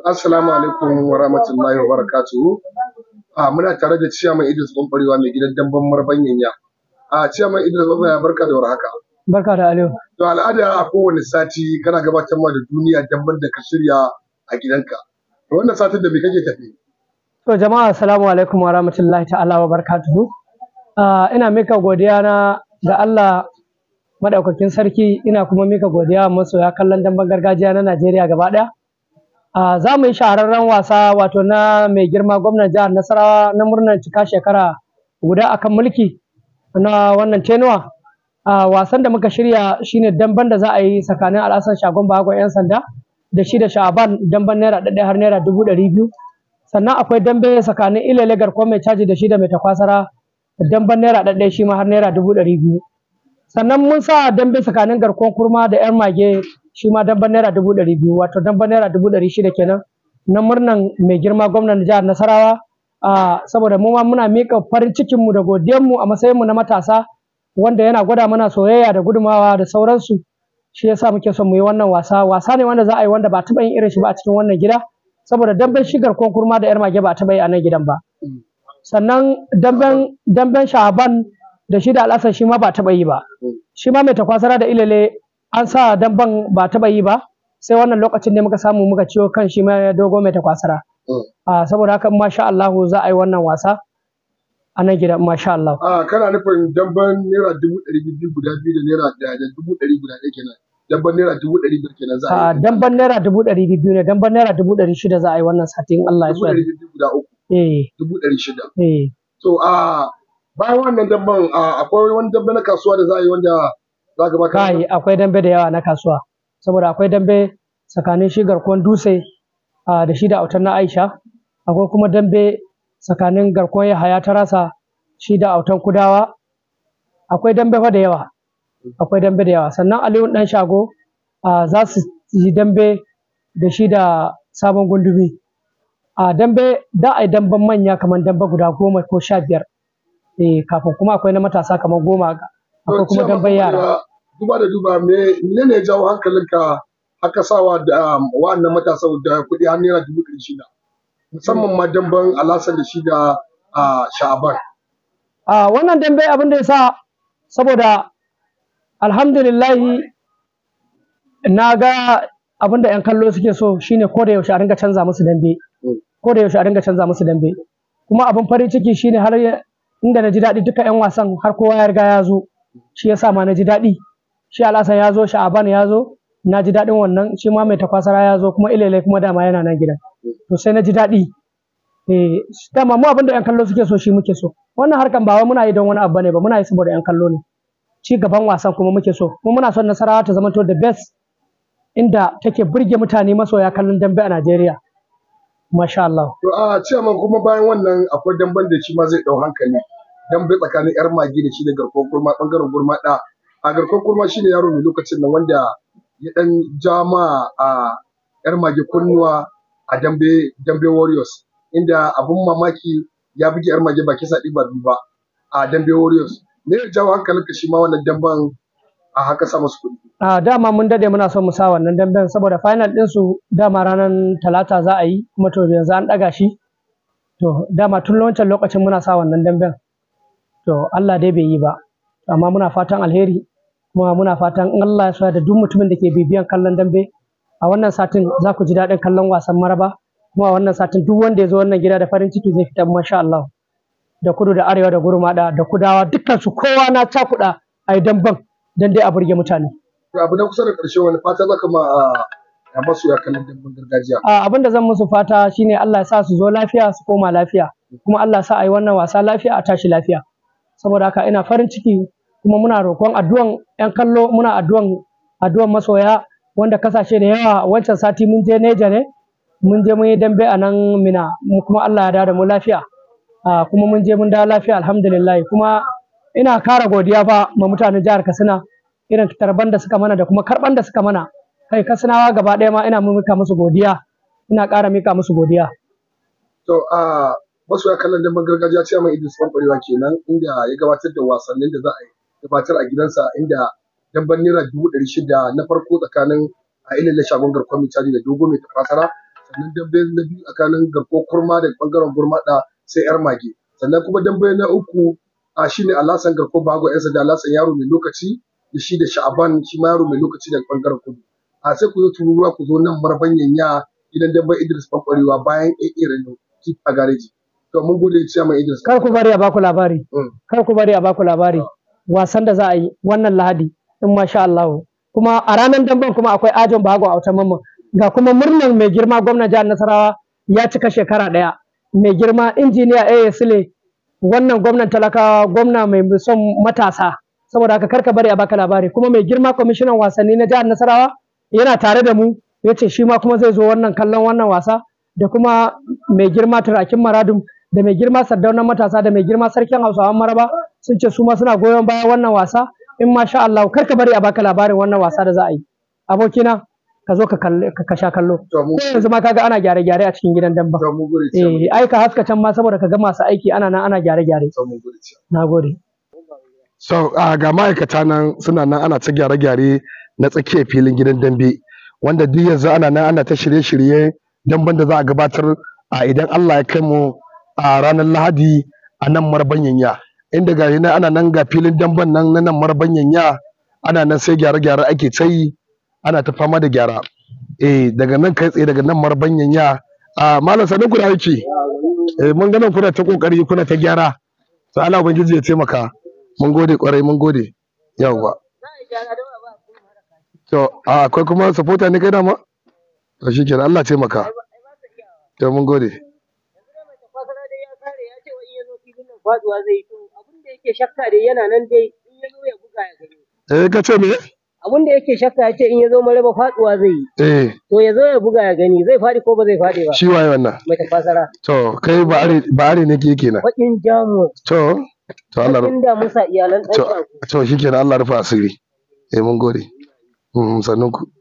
Assalamu alaikum wa rahmatullahi wa barakatuhu. Ah, muna tare da Chairman Idris Bambarewa mai gidan damben marbanyanya. Ah Chairman Idris Bambarewa barka da warhaka. Barka da Aliyu. To al'ada a kowane sati kana gabatar ma da duniya damban da ka shirya a gidanka. Wannan satin da me kake tafi? To jama'a assalamu alaikum wa rahmatullahi ta'ala wa barakatuhu. Ah, ina mika godiya na ga Allah madaukakin sarki ina kuma mika godiya masoya kallon damban gargajiya na Najeriya gaba ɗaya. za mu yi shahararren wasa wato na mai girma gwamnan jihar nasarawa na murnar cika shekara guda akan mulki na wannan tenuwa wasan da muka shirya shine damban da za a yi tsakanin al'asan shagon bahagon 'yan sanda da shi da sha'aban damban naira ɗaɗɗaya har naira dubu ɗari biyu sannan akwai dambe tsakanin ilele garkuwa mai caji da shi da mai takwasara damban naira ɗaɗɗaya shi ma har naira dubu ɗari biyu sannan mun sa dambe tsakanin garkon kurma da 'yan mage shi ma damban naira dubu ɗari biyu wato damban naira dubu ɗari shida kenan na murnan mai girma gwamnan jihar nasarawa saboda mu ma muna miƙa farin cikin mu da godiyar mu a matsayin mu na matasa wanda yana gwada mana soyayya da gudumawa da sauransu shi yasa muke son mu yi wannan wasa wasa ne wanda za a yi wanda ba taɓa yin irin shi ba a cikin wannan gida saboda damben shigar konkurma da yar mage ba taɓa yi a nan gidan ba sannan damben damben shaban da shi da al'asar shi ma ba taɓa yi ba shi ma mai takwasara da ilele an sa damban ba taɓa yi ba sai wannan lokacin ne muka samu muka ciwo kan shi mai dogo mai ta kwasara mm. saboda haka masha Allah za a yi wannan wasa a nan gida masha Allah a kana nufin damban naira dubu ɗari biyu guda biyu da naira da dubu ɗari guda ɗaya kenan damban naira dubu ɗari biyu kenan za a yi damban naira dubu ɗari biyu ne damban naira dubu ɗari shida za a yi wannan satin Allah ya so dubu ɗari biyu guda uku eh. dubu ɗari shida eh. to a bayan wannan damban akwai wani damban na kasuwa da za a yi wanda kai akwai dambe da yawa na kasuwa saboda akwai dambe tsakanin shi garkon dutse da shi da autar na aisha akwai kuma dambe tsakanin garkon yahaya ta rasa shi da autan kudawa akwai dambe fa da yawa akwai dambe da yawa sannan Aliyu dan shago za su yi dambe da shi da sabon gundumi a dambe da a yi damben manya kamar dambe guda goma ko sha biyar eh, kafin kuma akwai na matasa kamar goma akwai kuma damben yara duba da duba me ne ne jawo hankalinka aka sawa da um, wa'annan matasa da kuɗi har naira dubu ɗari shida musamman ma damben alasan da shi da sha'aban. A wannan dambe abin da ya sa saboda alhamdulillahi na ga abin da 'yan kallo suke so shine ko da yaushe a ringa canza musu dambe mm. ko da yaushe a ringa canza musu dambe kuma abin farin ciki shine har inda na ji daɗi duka 'yan wasan har kowa ya riga ya zo shi yasa ma na ji daɗi shi alasan ya zo sha'aban ya zo na ji daɗin wannan shi ma mai takwasara ya zo kuma ilele kuma dama yana nan gida. to sai na ji daɗi eh dama mu da ƴan kallo suke so shi muke so wannan harkan ba wai muna yi don wani abu ne ba muna yi saboda ƴan kallo ne ci gaban wasan kuma muke so kuma muna son nasarawa ta zamanto the best inda take burge mutane masoya kallon dambe a Najeriya masha Allah to a ciyaman kuma bayan wannan akwai damben da shi ma zai dau hankali dambe tsakanin yar magi da shi da garkon gurma bangaren gurma da a garkon kurma ne yaro mai lokacin nan wanda ya dan ma a yar mage kunnuwa a dambe dambe warriors inda abun mamaki ya bugi yar mage baki kisa ɗiba ba a dambe warriors me ya jawo hankalinka shi ma wannan damben a haka sa musu kuɗi a dama mun dade muna son mu sa wannan damben saboda final din su dama ranar talata za a yi kuma to yanzu an ɗaga shi to dama tun lokacin lokacin muna sa wannan damben to Allah dai bai yi ba amma muna fatan alheri kuma muna fatan Allah ya sa da duk mutumin da ke bibiyan kallon dambe a wannan satin za ku ji daɗin kallon wasan maraba kuma a wannan satin duk wanda ya zo wannan gida da farin ciki zai fita masha Allah da kudu da arewa da gurma da kudawa dukkan su kowa na cakuɗa a yi damban dan dai a burge mutane. Abu na kusa da ƙarshe wani fata za ka ma a masu ya kallon damben gargajiya. Abin da zan musu fata shine Allah ya sa su zo lafiya su koma lafiya kuma Allah ya sa a yi wannan wasa lafiya a tashi lafiya. saboda haka ina farin ciki kuma muna roƙon addu'an 'yan kallo muna addu'an addu'an masoya wanda kasashe da yawa wancan sati mun je Neja ne mun je mun yi dambe a nan Mina kuma Allah ya da mu lafiya kuma mun je mun da lafiya alhamdulillah kuma ina kara godiya fa ma mutanen jihar Katsina irin tarban da suka mana da kuma karban da suka mana kai Katsinawa gaba ɗaya ma ina mika musu godiya ina ƙara mika musu godiya to a masoya kallon damben gargajiya ce mai idris farfarewa kenan inda ya gabatar da wasannin da za a gabatar a gidansa inda dabban naira dubu ɗari shida na farko tsakanin a ililin shagon garkon mitali da dogo mai tafasara sannan dambe na biyu tsakanin garko kurma da bangaren da sai yar mage sannan kuma dambe na uku a shi ne alasan garko bago yan sanda alasan yaro mai lokaci da shi da sha'aban shi ma yaro mai lokaci daga bangaren kudu a sai ku zo tururuwa ku zo nan marbanyan ya gidan dambe idris farfarewa bayan ƙirƙirar a gareji To mun gode mai Idris. Kar ku bari a baku labari. Mm. Kar ku bari a baku labari. Ah. Wasan da za a yi wannan Lahadi in masha Allah. Kuma a ranar damben kuma akwai ajon bago a wata mamman. Ga kuma murnar mai girma gwamnan jihar Nasarawa ya cika shekara ɗaya. Mai girma injiniya A. Sule wannan gwamnan talakawa gwamna mai son matasa. Saboda haka kar ka bari a baka labari. Kuma mai girma kwamishinan wasanni na jihar Nasarawa yana tare da mu ya ce shi ma kuma zai zo wannan kallon wannan wasa da kuma mai girma turakin maradum da mai girma sardaunan matasa da mai girma sarkin hausawan maraba sun ce su ma suna goyon baya wannan wasa in masha Allah kar ka bari a baka labarin wannan wasa da za a yi abokina ka zo ka sha kallo yanzu ma kaga ana gyare gyare a cikin gidan damba eh ai ka haska can ma saboda ka ga masu aiki ana nan ana gyare gyare nagode so ga ma'aikata nan suna nan ana ta gyare gyare na tsakiyar filin gidan dambe wanda duk yanzu ana nan ana ta shirye shirye damban da za a gabatar a idan Allah ya kai mu a ranar lahadi a nan marabanyan ya inda ga yana ana nan ga filin damban nan na nan marabanyan ya ana nan sai gyare-gyare ake tsayi ana ta fama da gyara eh daga nan kai tsaye daga nan marabanyan ya a malam sanin kuna yake eh mun ganin kuna ta kokari kuna ta gyara sai Allah ubangiji ya taimaka mun gode kwarai mun gode yawa to akwai kuma supporter ne kai dama to shikenan Allah taimaka to mun gode faduwa zai yi to abin da yake shakka dai yana nan dai in ya zo ya buga ya gani eh ka ce me abin da yake shakka ya ce in ya zo maraba faduwa zai yi eh to ya zo ya buga ya gani zai fadi ko ba zai fadi ba shi waye wannan mai tafasara to kai ba are ba are nake kenan bakin jamu to to Allah inda musa iyalan dan to to shikenan Allah rufa asiri eh mun gode mm sannunku